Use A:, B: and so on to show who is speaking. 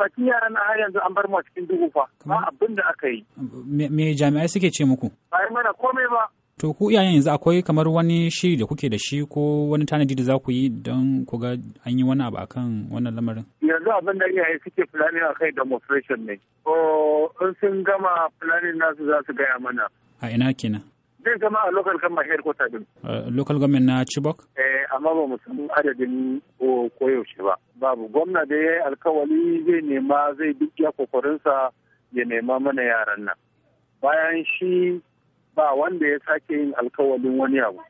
A: bakin yara na har yanzu an bar mu cikin duhu fa ba abin da aka yi
B: me jami'ai suke ce muku
A: ba yi mana komai ba
B: to ku iyayen yanzu akwai kamar wani shiri da kuke da shi ko wani tanadi da za ku yi don ku ga an yi wani abu akan wannan lamarin
C: yanzu abin da iyaye suke a kai demonstration ne ko in sun gama fulani nasu za su gaya mana a ina kenan zai zama a local government headquarter din
B: local government na Chibok
C: eh amma ba mu san adadin koyaushe ba babu gwamna da ya yi alkawali zai nema zai duk ya kokarinsa ya nema mana yaran nan bayan shi
D: ba wanda ya sake yin alkawalin wani abu